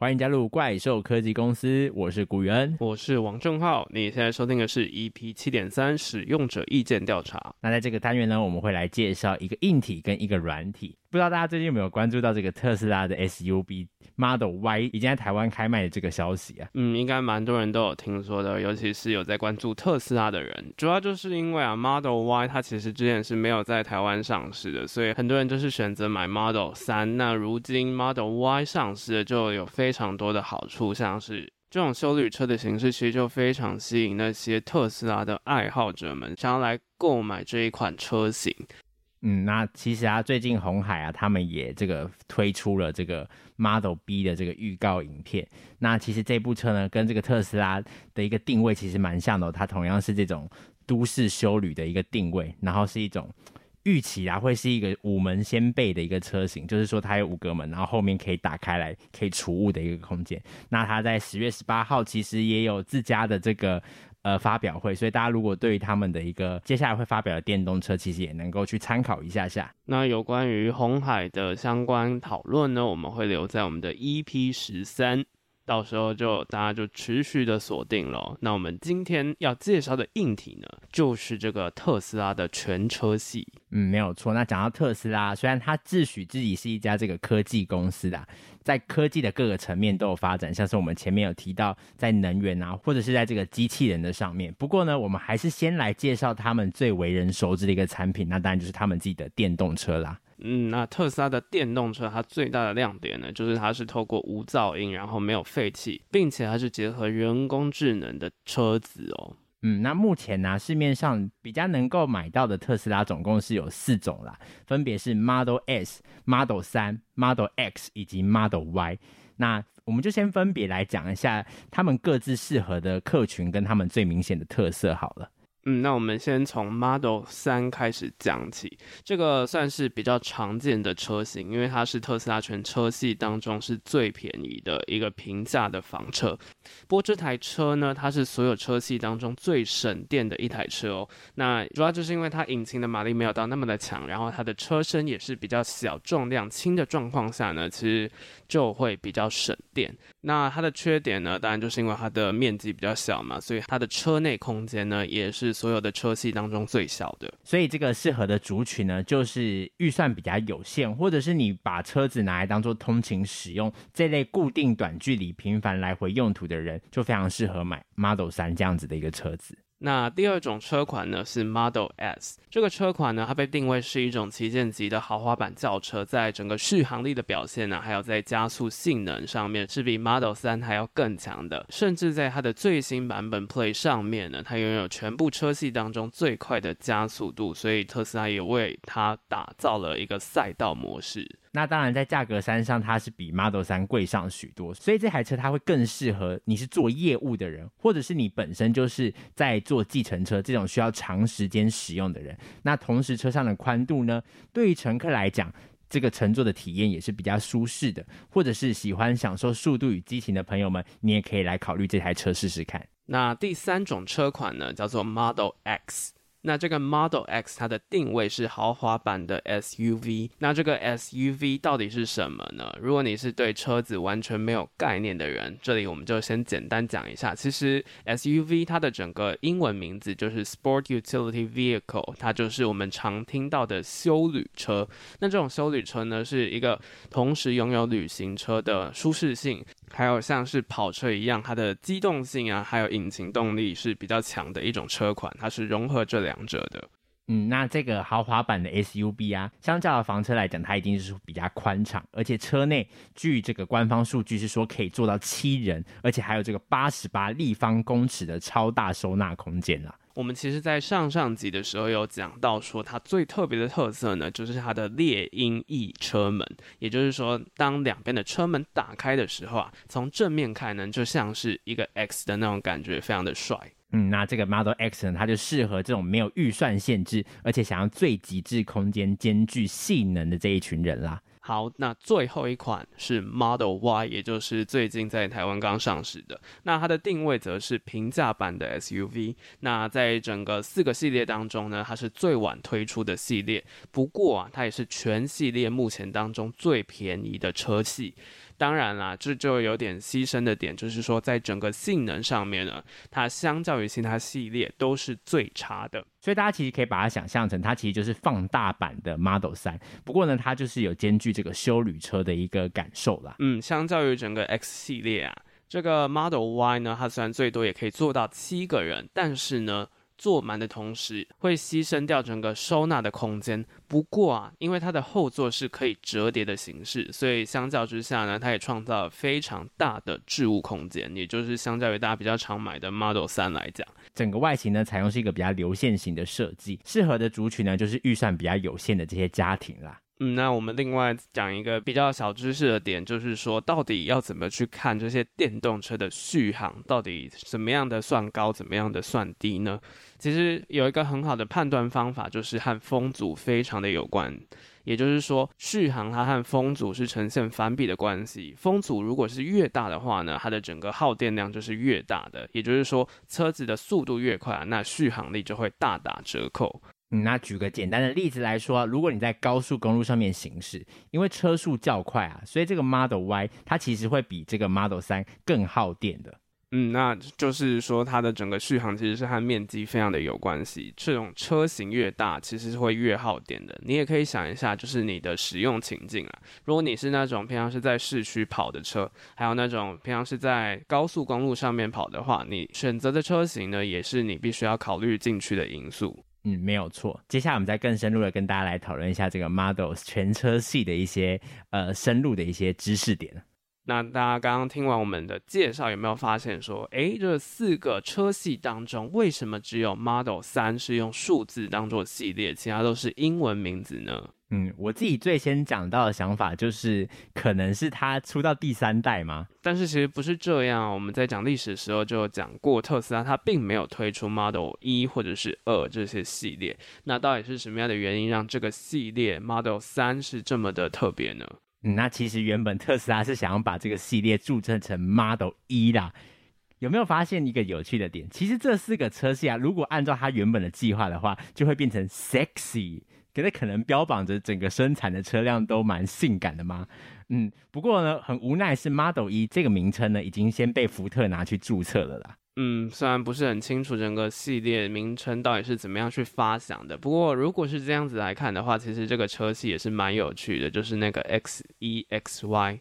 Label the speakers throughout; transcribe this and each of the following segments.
Speaker 1: 歡迎加入怪獸科技公司，我是古元，我是王正浩。你現在收聽的是 EP 七點三使用者意見調查。那在這個單元呢，我們會來介紹一個硬體跟一個軟體。不知道大家最近有沒有關注到這個特斯拉的 SUV Model Y 已經在台灣開賣的這個消息啊？
Speaker 2: 嗯，應該蠻多人都有聽說的，尤其是有在關注特斯拉的人。主要就是因為啊，Model Y 它其實之前是沒有在台灣上市的，所以很多人就是選擇買 Model 3。那如今 Model Y 上市了，就有非常多的好處，像是這種休旅車的形式，其實就非常吸引那些特
Speaker 1: 斯拉的愛好者們想要來購買這一款車型。嗯，那其實啊，最近鴻海啊，他們也這個推出了這個 Model B 的這個預告影片。那其實這部車呢，跟這個特斯拉的一個定位其實蠻像的。哦，它同樣是這種都市休旅的一個定位，然後是一種預期啊，會是一個五門掀背的一個車型，就是說它有五個門，然後後面可以打開來可以儲物的一個空間。那它在十月十八號其實也有自家的這個。呃，發表會，所以大家如果對於他們的一個接下來會發表的電動車，其實也能夠去參考一下下。
Speaker 2: 那有關於鴻海的相關討論呢，我們會留在我們的 EP 十三。到時候就大家就持續的鎖定了。那我們今天要介紹
Speaker 1: 的硬體呢，就是這個特斯拉的全車系。嗯，沒有錯。那講到特斯拉，雖然它自詡自己是一家這個科技公司啦，在科技的各個層面都有發展，像是我們前面有提到在能源啊，或者是在這個機器人的上面。不過呢，我們還是先來介紹他們最為人熟知的一個產品，那當然就是他們自己的電動車啦。
Speaker 2: 嗯，那特斯拉的電動車，它最大的亮點呢，就是它是透過無噪音，
Speaker 1: 然後沒有廢氣，並且它是結合人工智能的車子哦。嗯，那目前呢、啊，市面上比較能夠買到的特斯拉總共是有四種啦，分別是 Model S、Model 3、Model X 以及 Model Y。那我們就先分別來講一下他們各自適合的客群跟他們最明顯的特色好了。
Speaker 2: 嗯，那我們先從 Model 3開始講起，這個算是比較常見的車型，因為它是特斯拉全車系當中是最便宜的一個平價的房車。不過這台車呢，它是所有車系當中最省電的一台車哦。那主要就是因為它引擎的馬力沒有到那麼的強，然後它的車身也是比較小，重量輕的狀況下呢，其實就會比較省電。那它的缺點呢，當然就是因為它的面積比較小嘛，所以它的車內空間
Speaker 1: 呢，也是。所有的車系當中最小的，所以這個適合的族群呢，就是預算比較有限，或者是你把車子拿來當做通勤使用，這類固定短距離、頻繁來回用途的人，就非常適合買 Model 3這樣子的一個車子。
Speaker 2: 那第二種車款呢，是 Model S，這個車款呢，它被定位是一種旗艦級的豪華版轎車，在整個續航力的表現呢，還有在加速性能上面是比 Model 3還要更強的，甚至在它的最新版本 Play 上面呢，它擁有全部車系當中最快的加速度，所以特斯拉也為它打造了一個賽道模式。
Speaker 1: 那當然，在價格3上上它是比 Model 3貴上許多，所以這台車它會更適合你是做業務的人，或者是你本身就是在做計程車這種需要長時間使用的人。那同時車上的寬度呢，對於乘客來講，這個乘坐的體驗也是比較舒適的，或者是喜歡享受速度與激情的朋友們，你也可以來考慮這台車試試看。
Speaker 2: 那第三種車款呢，叫做 Model X。那這個 Model X 它的定位是豪華版的 SUV。那這個 SUV 到底是什麼呢？如果你是對車子完全沒有概念的人，這裡我們就先簡單講一下。其實 SUV 它的整個英文名字就是 Sport Utility Vehicle，它就是我們常聽到的休旅車。那這種休旅車呢，是一個同時擁有旅行車的舒適性，還有像是跑車一樣它的機動性啊，還有引擎動力是比較強的一種
Speaker 1: 車款。它是融合這兩。兩者的，嗯，那這個豪華版的 SUV 啊，相較的房車來講，它一定是比較寬敞，而且車內據這個官方數據是說可以坐到七人，而且還有這個八十八立方公尺的超大收納空間了，
Speaker 2: 啊。我們其實，在上上集的時候有講到說，它最特別的特色呢，就是它的獵鷹翼車門，也就是說，當兩邊的車門打開的時候啊，
Speaker 1: 從正面看呢，就像是一個 X 的那種感覺，非常的帥。嗯，那這個 Model X 呢，它就適合這種沒有預算限制，而且想要最極致空間兼具性能的這一群人啦。
Speaker 2: 好，那最後一款是 Model Y，也就是最近在台灣剛上市的。那它的定位則是平價版的 SUV。那在整個四個系列當中呢，它是最晚推出的系列，不過啊，它也是全系列目前當中最便宜的車系。當然啦，這就，就有點犧牲的點，就是說，在整個性能上面呢，它相較於其他系列都
Speaker 1: 是最差的。所以大家其實可以把它想象成，它其實就是放大版的 Model 3。不過呢，它就是有兼具這個休旅車的一個感受啦。
Speaker 2: 嗯，相較於整個 X 系列啊，這個 Model Y 呢，它雖然最多也可以坐到七個人，但是呢。坐滿的同時，會犧牲掉整個收納的空間。不過啊，因為它的後座是可以折疊的形式，所以相較之下呢，它也創造了非常大的置物空間。也就是相較於大家比較常買的 Model 3來講，
Speaker 1: 整個外形呢採用是一個比較流線型的設計，適合的族群呢就是預算比較有限的這些家庭啦。
Speaker 2: 嗯，那我們另外講一個比較小知識的點，就是說，到底要怎麼去看這些電動車的續航？到底什麼樣的算高，怎麼樣的算低呢？其實有一個很好的判斷方法，就是和風阻非常的有關。也就是說，續航它和風阻是呈現反比的關係。風阻如果是越大的話呢，它的整個耗電量就是越大的。也就是說，車子的速度越快，那
Speaker 1: 續航力就會大打折扣。嗯，那舉個簡單的例子來說，如果你在高速公路上面行駛，因為車速較快啊，所以這個 Model Y 它其實會比這個 Model 3更耗電的。
Speaker 2: 嗯，那就是說它的整個續航其實是和面積非常的有關係。這種車型越大，其實是會越耗電的。你也可以想一下，就是你的使用情境啊。如果你是那種平常是在市區跑的車，還有那種平常是在高速公路上面跑的話，你選擇的車型呢，也是你必須要考
Speaker 1: 慮進去的因素。嗯，沒有錯。接下來我們再更深入的跟大家來討論一下這個 Model s 全車系的一些呃深入的一些知識點。那
Speaker 2: 大家剛剛聽完我們的介紹，有沒有發現說，誒，這四個車系當中，為什麼只有
Speaker 1: Model 三是用數字當做系列，其他都是英文名字呢？嗯，我自己最先講到的想法就是，可能是它出到第三代嗎？但是
Speaker 2: 其實不是這樣。我們在講歷史的時候就有講過，特斯拉它並沒有推出 Model 一或者是二這些系列。那到底是什麼樣的原因讓這個系列 Model
Speaker 1: 三是這麼的特別呢？嗯，那其實原本特斯拉是想要把這個系列註冊成 Model 一啦。有沒有發現一個有趣的點？其實這四個車系啊，如果按照它原本的計劃的話，就會變成 sexy。覺得可能標榜着整個生產的車輛都蠻性感的嗎？嗯，不過呢，很無奈是 Model E 這個名稱呢，已經先被福特拿去注冊了啦。
Speaker 2: 嗯，雖然不是很清楚整個系列名稱到底是怎麼樣去發想的，不過如果是這樣子來看的話，其實這個車系也是蠻有趣的，就是那個 X E X Y。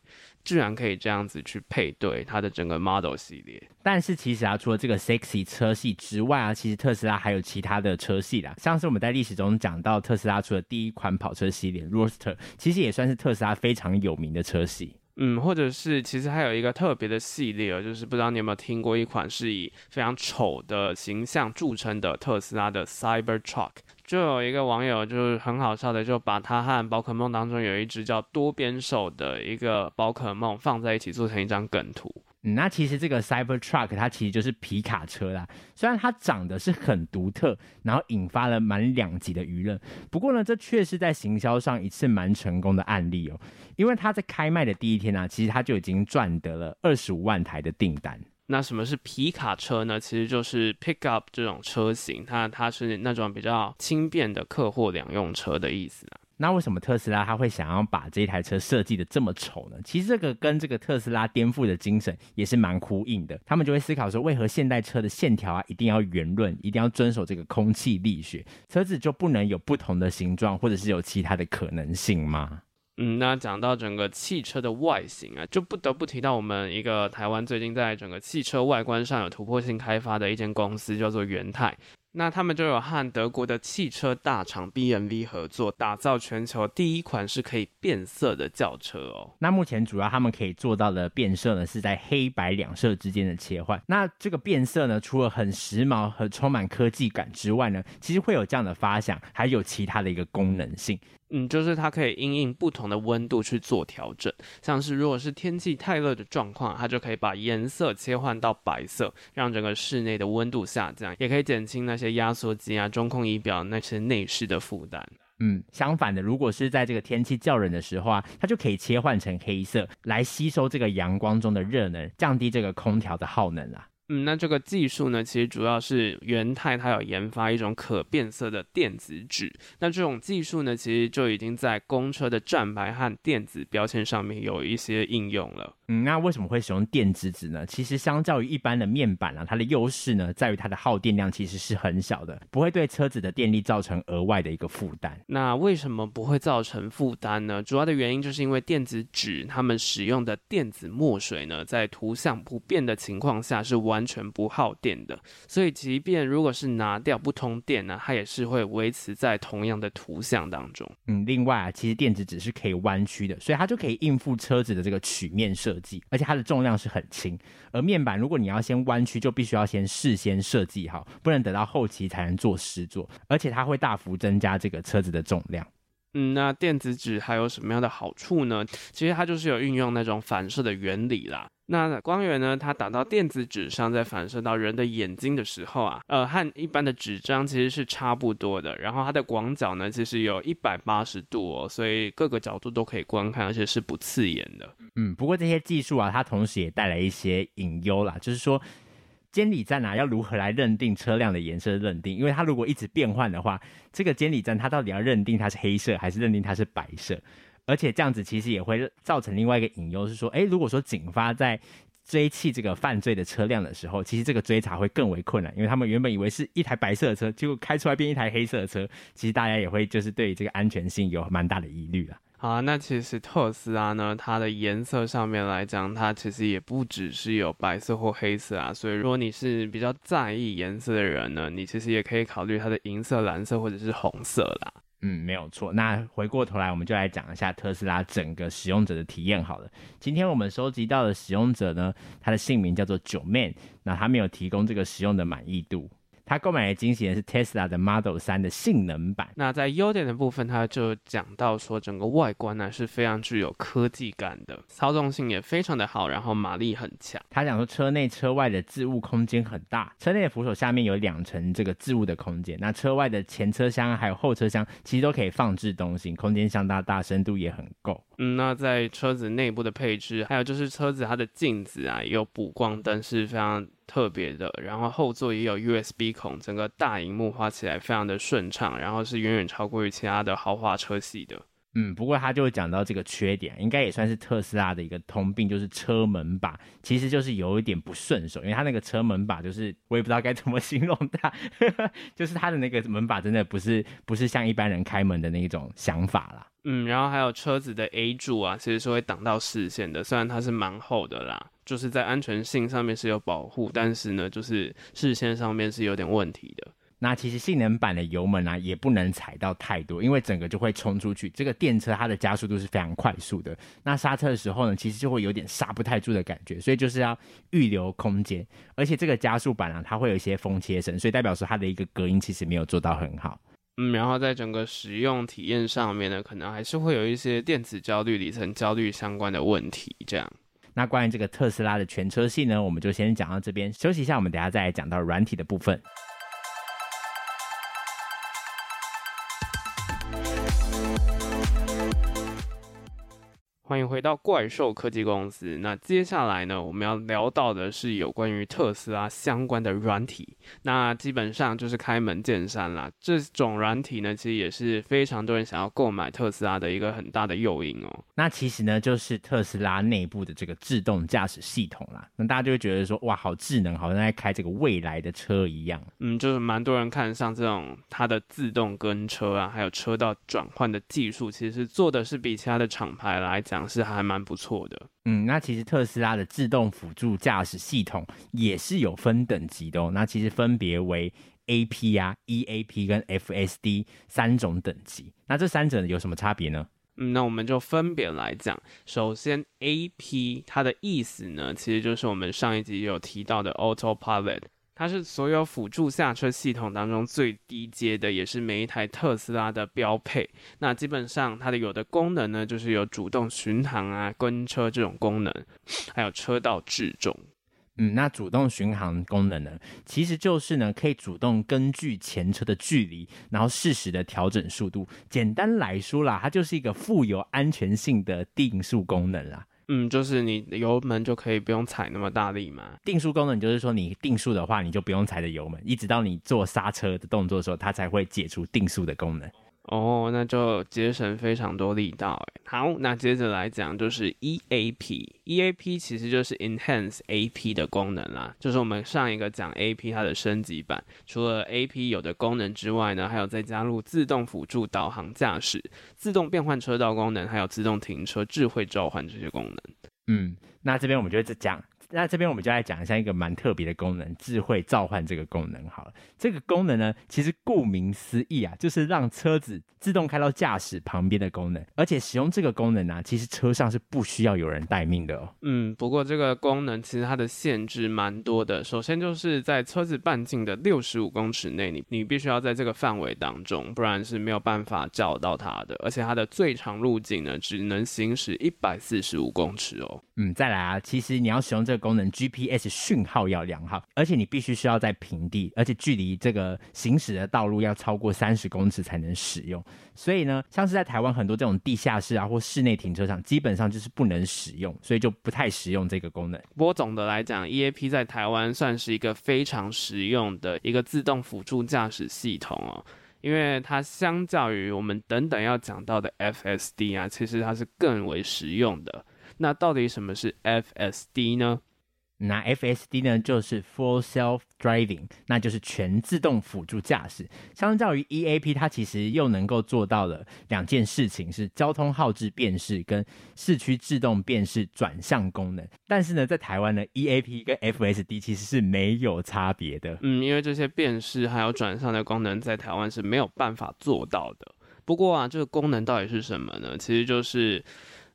Speaker 2: 居然可以這樣子去配對它的整個 model 系列，
Speaker 1: 但是其實啊，除了這個 sexy 車系之外啊，其實特斯拉還有其他的車系啦。像是我們在歷史中講到特斯拉出的第一款跑車系列 Roadster，其實也算是特斯拉非常有名的車系。
Speaker 2: 嗯，或者是其實還有一個特別的系列，就是不知道你有沒有聽過一款是以非常醜的形象著稱的特斯拉的 Cybertruck。就有一個網友，就是很好笑的，就把他和寶可夢當中有一隻叫多邊獸的一個寶可夢放在一起，做成一張梗圖、
Speaker 1: 嗯。那其實這個 Cyber Truck 它其實就是皮卡車啦，雖然它長得是很獨特，然後引發了蠻兩極的輿論。不過呢，這確實在行銷上一次蠻成功的案例哦、喔，因為它在開賣的第一天呢、啊，其實它就已經賺得了二十五萬台的訂單。
Speaker 2: 那什麼是皮卡車呢？其實就是 pickup 這種車型，它它是那種比較輕便的客貨兩用車的意思啊。
Speaker 1: 那為什麼特斯拉他會想要把這一台車設計的這麼醜呢？其實這個跟這個特斯拉顛覆的精神也是蠻呼應的。他們就會思考說，為何現代車的線條啊一定要圓潤，一定要遵守這個空氣力學，車子就不能有不同的形狀，或者是有其他的可能性嗎？
Speaker 2: 嗯，那講到整個汽車的外形啊，就不得不提到我們一個台灣最近在整個汽車外觀上有突破性開發的一間公司，叫做元太。那他們就有和德國的汽車大廠 BMW 合作，打造全球第一
Speaker 1: 款是可以變色的轎車哦。那目前主要他們可以做到的變色呢，是在黑白兩色之間的切換。那這個變色呢，除了很時髦和充滿科技感之外呢，其實會有這樣的發想，還有其他的一個功能性。嗯，就是它可以因應不同的溫度去做調整，像是如果是天氣太熱的狀況，它就
Speaker 2: 可以把顏色切換到白色，讓整個室內的溫度下降，也可以減輕那些
Speaker 1: 壓縮機啊、中控儀表那些內飾的負擔。嗯，相反的，如果是在這個天氣較冷的時候啊，它就可以切換成黑色，來吸收這個陽光中的熱能，降低這個空調的耗能啊。
Speaker 2: 嗯，那這個技術呢，其實主要是元太它有研發一種可變色的電子紙。那這種技術呢，其實就已經在公車的站牌和電子標籤上面有一些應用了。
Speaker 1: 嗯，那為什麼會使用電子紙呢？其實相較於一般的面板啊，它的優勢呢，在於它的耗電量其實是很小的，不會對車子的電力造成額外的一個負擔。
Speaker 2: 那為什麼不會造成負擔呢？主要的原因就是因為電子紙他們使用的電子墨水呢，在圖像不變的情況下是完全不耗電的，所以即便如果是拿掉
Speaker 1: 不通電呢，它也是會維持在同樣的圖像當中。嗯，另外啊，其實電子紙是可以彎曲的，所以它就可以應付車子的這個曲面設。而且它的重量是很輕，而面板如果你要先彎曲，就必須要先事先設計好，不能等到後期才能做實作，而且它會大幅增加這個車子的重量。
Speaker 2: 嗯，那電子紙還有什麼樣的好處呢？其實它就是有運用那種反射的原理啦。那光源呢，它打到電子紙上，再反射到人的眼睛的時候啊，呃，和一般的紙張其實是差不多的。然後它的廣角呢，其實有一百八十度哦，所以
Speaker 1: 各個角度都可以觀看，而且是不刺眼的。嗯，不過這些技術啊，它同時也帶來一些隱憂啦，就是說，監理站啊，要如何來認定車輛的顏色？認定，因為它如果一直變換的話，這個監理站它到底要認定它是黑色還是認定它是白色？而且這樣子其實也會造成另外一個隱憂，是說，哎、欸，如果說警方在追緝這個犯罪的車輛的時候，其實這個追查會更為困難，因為他們原本以為是一台白色的車，結果開出來變一台黑色的車，其實大家也會就是對這個安全性有蠻大的疑慮了、啊。
Speaker 2: 好啊，那其實特斯拉呢，它的顏色上面來講，它其實也不只是有白色或黑色啊。所以，如果你是比較在意顏色的人呢，你其實也可
Speaker 1: 以考慮它的銀色、藍色或者是紅色啦。嗯，沒有錯。那回過頭來，我們就來講一下特斯拉整個使用者的體驗好了。今天我們收集到的使用者呢，他的姓名叫做九 Man，那他沒有提供這個使用的滿意度。他購買的車型是 Tesla 的 Model 3的性能版。
Speaker 2: 那在優點的部分，他就講到說，整個
Speaker 1: 外觀呢、啊、是非常具有科技感的，操縱性也非常的好，然後馬力很強。他講說，車內車外的置物空間很大，車內的扶手下面有兩層這個置物的空間，那車外的前車廂還有後車廂其實都可以放置東西，空間相當大，大深度也很夠。
Speaker 2: 嗯，那在車子內部的配置，還有就是車子它的鏡子啊，也有補光燈，是非常。特別的，然後後座也有 USB 孔，整個大螢幕滑起來非常的順暢，然後是遠遠超過於其他的豪華車系的。嗯，不
Speaker 1: 過他就講到這個缺點，應該也算是特斯拉的一個通病，就是車門把其實就是有一點不順手，因為它那個車門把就是我也不知道該怎麼形容它， 就是它的那個門把真的不是不是像一般人開門的那種想法啦。
Speaker 2: 嗯，然後還有車子的 A 柱啊，其實是會擋到視線的，雖然它是蠻厚的啦。就是在安全性上面是有保護，但是呢，就是視線上面是有點問題的。
Speaker 1: 那其實性能版的油門呢、啊，也不能踩到太多，因為整個就會衝出去。這個電車它的加速度是非常快速的。那剎車的時候呢，其實就會有點剎不太住的感覺，所以就是要預留空間。而且這個加速板呢、啊，它會有一些風切聲，所以代表說它的一個隔音其實沒有做到很好。
Speaker 2: 嗯，然後在整個使用體驗上面呢，可能還是會有一些電子焦慮、里程焦慮相關的問題，這樣。
Speaker 1: 那關於這個特斯拉的全車系呢，我們就先講到這邊，休息一下，我們等一下再來講到軟體的部分。
Speaker 2: 歡迎回到怪獸科技公司。那接下來呢，我們要聊到的是有關於特斯拉相關的軟體。那基本上就是開門見山啦。這種軟體呢，其實也是非常多人想要購買特斯拉的一個很
Speaker 1: 大的誘因哦。那其實呢，就是特斯拉內部的這個自動駕駛系統啦。那大家就會覺得說，哇，好智能，好像在開這個未來的車一樣。
Speaker 2: 嗯，就是蠻多人看上這種它的自動跟車啊，還有車道轉換的技術，其實做的
Speaker 1: 是比其他的廠牌來講是還蠻不錯的，嗯，那其實特斯拉的自動輔助駕駛系統也是有分等級的哦，那其實分別為 AP 呀、啊、EAP 跟 FSD 三種等級，那這三者有什麼差別呢？嗯，
Speaker 2: 那我們就分別來講，首先 AP 它的意思呢，其實就是我們上一集有提到的 Autopilot。它是所有輔助駕車系統當中最低階的，也是每一台特斯拉的標配。那基本上它的有的功能呢，就是有主動巡航啊、跟車這種功能，還有車道置中。
Speaker 1: 嗯，那主動巡航功能呢，其實就是呢可以主動根據前車的距離，然後適時的調整速度。簡單來說啦，它就是一個富有安全性的定速功能啦。嗯，就是你油門就可以不用踩那麼大力嘛。定速功能就是說，你定速的話，你就不用踩着油門，一直到你做剎車的動作的時候，它才會解除定速的功能。
Speaker 2: 哦，那就節省非常多力道哎。好，那接着來講就是 E A P，E A P 其實就是 enhance A P 的功能啦，就是我們上一個講 A P 它的升級版，除了 A P 有的功能之外呢，還有再加入自動輔助導航駕駛、自動變換車道功
Speaker 1: 能，還有自動停車、智慧召喚這些功能。嗯，那這邊我們就一直講。那這邊我們就來講一下一個蠻特別的功能，智慧召喚這個功能好了。這個功能呢，其實顧名思義啊，就是讓車子自動開到駕駛旁邊的功能。而且使用這個功能呢、啊，其實車上是不需要有人待命的哦。
Speaker 2: 嗯，不過這個功能其實它的限制蠻多的。首先就是在車子半徑的六十五公尺內，你你必須要在這個範圍當中，不然是沒有辦法找到它的。而且它的最長路徑呢，只能行駛一百四十五公尺哦。
Speaker 1: 嗯，再來啊，其實你要使用這個。功能 GPS 訊號要良好，而且你必須需要在平地，而且距離這個行駛的道路要超過三十公尺才能使用。所以呢，像是在台灣很多這種地下室啊或室內停車場，基本上就是不能使用，所以就不太實用這個功能。
Speaker 2: 不過總的來講，EAP 在台灣算是一個非常實用的一個自動輔助駕駛系統哦，因為它相較於我們等等要講到的 FSD 啊，
Speaker 1: 其實它是更為實用的。那到底什麼是 FSD 呢？那 F S D 呢，就是 Full Self Driving，那就是全自動輔助駕駛。相較於 E A P，它其實又能夠做到了兩件事情，是交通號志辨識跟市區自動辨識轉向功能。但是呢，在台灣呢，E A P 跟 F S D 其實是沒有差別的。
Speaker 2: 嗯，因為這些辨識還有轉向的功能在台灣是沒有辦法做到的。不過啊，這個功能到底是什麼呢？其實就是。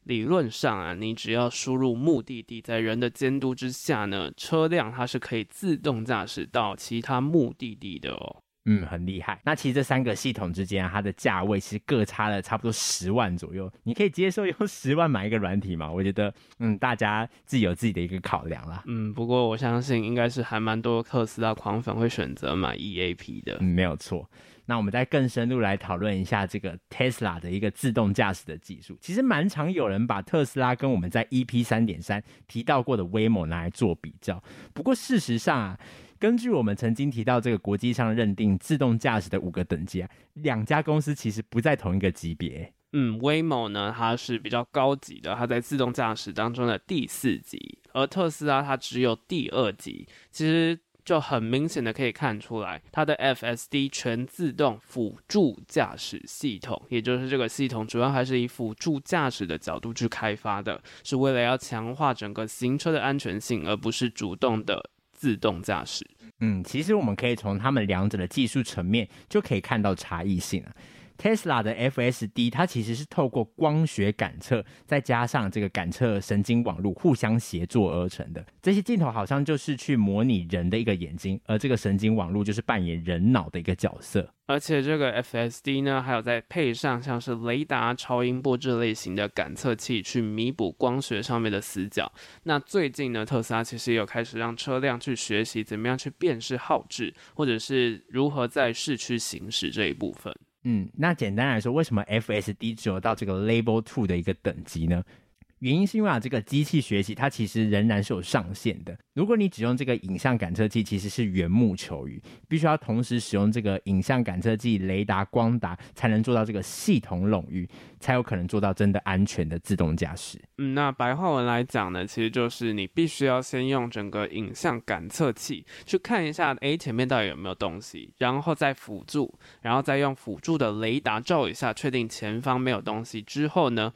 Speaker 2: 理論上啊，你只要輸入目的地，在人的監督之下
Speaker 1: 呢，車輛它是可以自動駕駛到其他目的地的。哦。嗯，很厲害。那其實這三個系統之間啊，它的價位其實各差了差不多十萬左右。你可以接受用十萬買一個軟體嗎？我覺得，嗯，大家自己有自己的一個考量啦。嗯，不過我相信應該是還蠻多特斯拉狂粉會選擇買 EAP 的。嗯，沒有錯。那我們再更深入來討論一下這個 Tesla 的一個自動駕駛的技術。其實蠻常有人把特斯拉跟我們在 EP 三點三提到過的 Waymo 拿來做比較。不過事實上啊。根據我們曾經提到這個國際上認定自動駕駛的五個等級啊，兩家公司其實不在同一個級別。
Speaker 2: 嗯，Waymo 呢，它是比較高級的，它在自動駕駛當中的第四級；而特斯拉它只有第二級。其實就很明顯的可以看出來，它的 FSD 全自動輔助駕駛系統，也就是這個系統主要還是以輔助駕駛的角度去開發的，是為了要強化整個行車的安全性，而不
Speaker 1: 是主動的。自動駕駛，嗯，其實我們可以從他們兩者的技術層面就可以看到差異性了。Tesla 的 FSD 它其實是透過光學感測，再加上這個感測神經網絡互相協作而成的。這些鏡頭好像就是去模擬人的一個眼睛，而這個神經網絡就是扮演人腦的一個角色。
Speaker 2: 而且這個 FSD 呢，還有再配上像是雷達、超音波這類型的感測器，去彌補光學上面的死角。那最近呢，特斯拉其實也有開始讓車輛去學習怎麼樣去辨識號誌，或者是如何在市區行駛這一部分。
Speaker 1: 嗯，那簡單來說，為什麼 FSD 只有到這個 Level 2的一個等級呢？原因是因為啊，這個機器學習它其實仍然是有上限的。如果你只用這個影像感測器，其實是緣木求魚，必須要同時使用這個影像感測器、雷達、光達，才能做到這個系統冗餘，才有可能做到真的安全的自動駕駛。
Speaker 2: 嗯，那白話文來講呢，其實就是你必須要先用整個影像感測器去看一下，誒、欸，前面到底有沒有東西，然後再輔助，然後再用輔助的雷達照一下，確定前方沒有東西之後呢，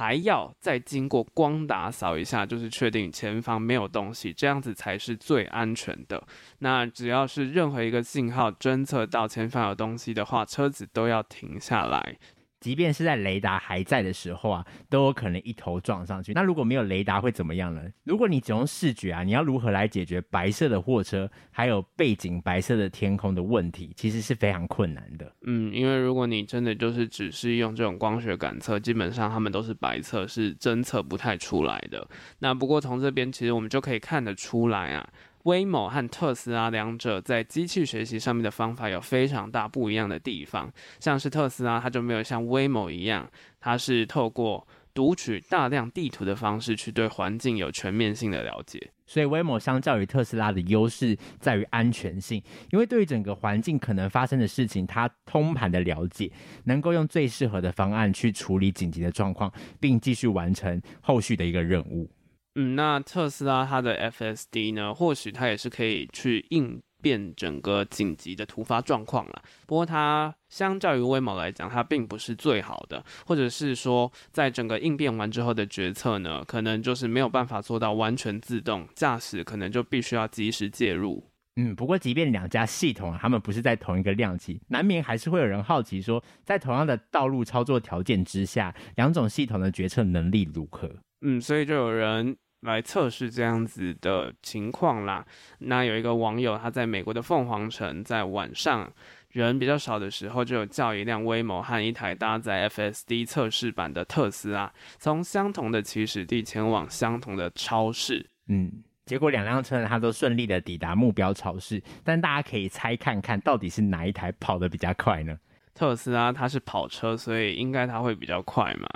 Speaker 2: 還要再經過光打掃一下，就是確定前方沒有東西，這樣子才是最安全的。那只要是任何一個信號偵測到前方有東西的話，車子都要停下來。
Speaker 1: 即便是在雷達還在的時候啊，都有可能一頭撞上去。那如果沒有雷達會怎麼樣呢？如果你只用視覺啊，你要如何來解決白色的貨車還有背景白色的天空的問題？其實是非常困難的。
Speaker 2: 嗯，因為如果你真的就是只是用這種光學感測，基本上它們都是白色，是偵測不太出來的。那不過從這邊其實我們就可以看得出來啊，Waymo 和特斯拉兩者在機器學習上面的方法有非常大不一樣的地方，像是特斯拉，它就沒有像 Waymo 一樣，它是透過讀取大量地圖的方式去對環境有全面性的了解，
Speaker 1: 所以 Waymo 相較於特斯拉的優勢在於安全性，因為對於整個環境可能發生的事情，它通盤的了解，能夠用最適合的方案去處理緊急的狀況，並繼續完成後續的一個任務。
Speaker 2: 嗯，那特斯拉它的 FSD 呢，或許它也是可以去應變整個緊急的突發狀況啦。不過它相較於威猛來講，它並不是最好的，或者是說，在整個應變完之後的決策呢，可能就是沒有辦法做到完全自動駕駛，可能就必須要及時介入。
Speaker 1: 嗯，不過即便兩家系統啊，他們不是在同一個量級，難免還是會有人好奇說，在同樣的道路操作條件之下，兩種系統的決策能力如何？
Speaker 2: 嗯，所以就有人來測試這樣子的情況啦。那有一個網友他在美國的鳳凰城，在晚上人比較少的時候，就有叫一輛 Waymo 和一台搭載 FSD 測試版的特斯
Speaker 1: 拉，從相同的起始地前往相同的超市。嗯，結果兩輛車它都順利的抵達目標超市，但大家可以猜看看到底是哪一台跑得比較快呢？特斯拉它是跑車，所以應該它會比較快嘛。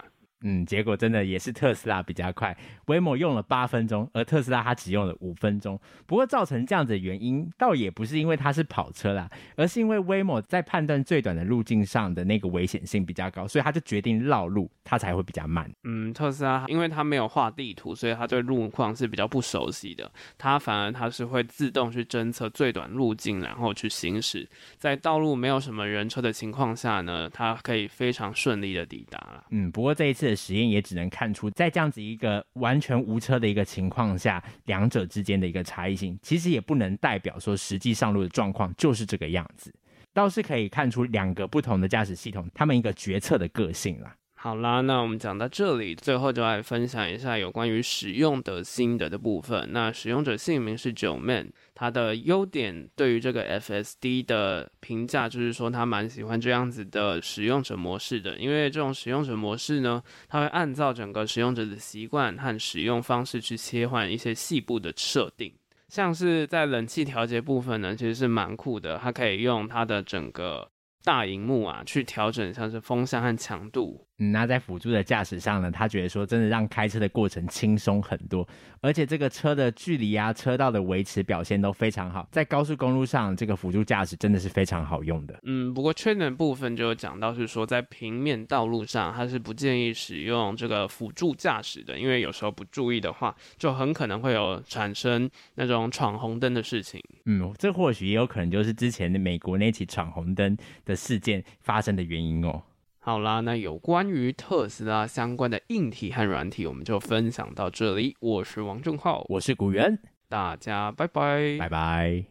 Speaker 1: 嗯，結果真的也是特斯拉比較快，Waymo 用了八分鐘，而特斯拉它只用了五分鐘。不過造成這樣子的原因，倒也不是因為它是跑車啦，而是因為 Waymo 在判斷最短的路徑上的那個危險性比較高，所以它就決定繞路，它才會比較慢。
Speaker 2: 嗯，特斯拉因為它沒有畫地圖，所以它對路況是比較不熟悉的，它反而它是會自動去偵測最短路徑，然後去行駛。在道路沒有什麼人車的情況下呢，它可以非常順利的抵達。嗯，
Speaker 1: 不過這一次實驗也只能看出，在這樣子一個完全無車的一個情況下，兩者之間的一個差異性，其實也不能代表說實際上路的狀況就是這個樣子。倒是可以看出兩個不同的駕駛系統，他們一個決策的個性啦。
Speaker 2: 好啦，那我們講到這裡，最後就來分享一下有關於使用的心得的部分。那使用者姓名是九 man，他的優點對於這個 FSD 的評價就是說他蠻喜歡這樣子的使用者模式的，因為這種使用者模式呢，他會按照整個使用者的習慣和使用方式去切換一些細部的設定，像是在冷氣調節部分呢，其實是蠻酷的，他可以用他的整個
Speaker 1: 大熒幕啊去調整像是風向和強度。嗯，那在輔助的駕駛上呢，他覺得說真的讓開車的過程輕鬆很多，而且這個車的距離啊、車道的維持表現都非常好。在高速公路上，這個輔助駕駛真的是非常好用的。
Speaker 2: 嗯，不過缺點部分就講到就是說，在平面道路上，它是不建議使用這個輔助駕駛的，因為有時候不注意的話，就很可能會有產生那種闖紅燈的事情。
Speaker 1: 嗯，這或許也有可能就是之前的美國那起闖紅燈的事件發生的原因哦。
Speaker 2: 好啦，那有關於特斯拉相關的硬體和軟體，我們就分享到這裡。我是王正浩，我是古元，大家拜拜，拜拜。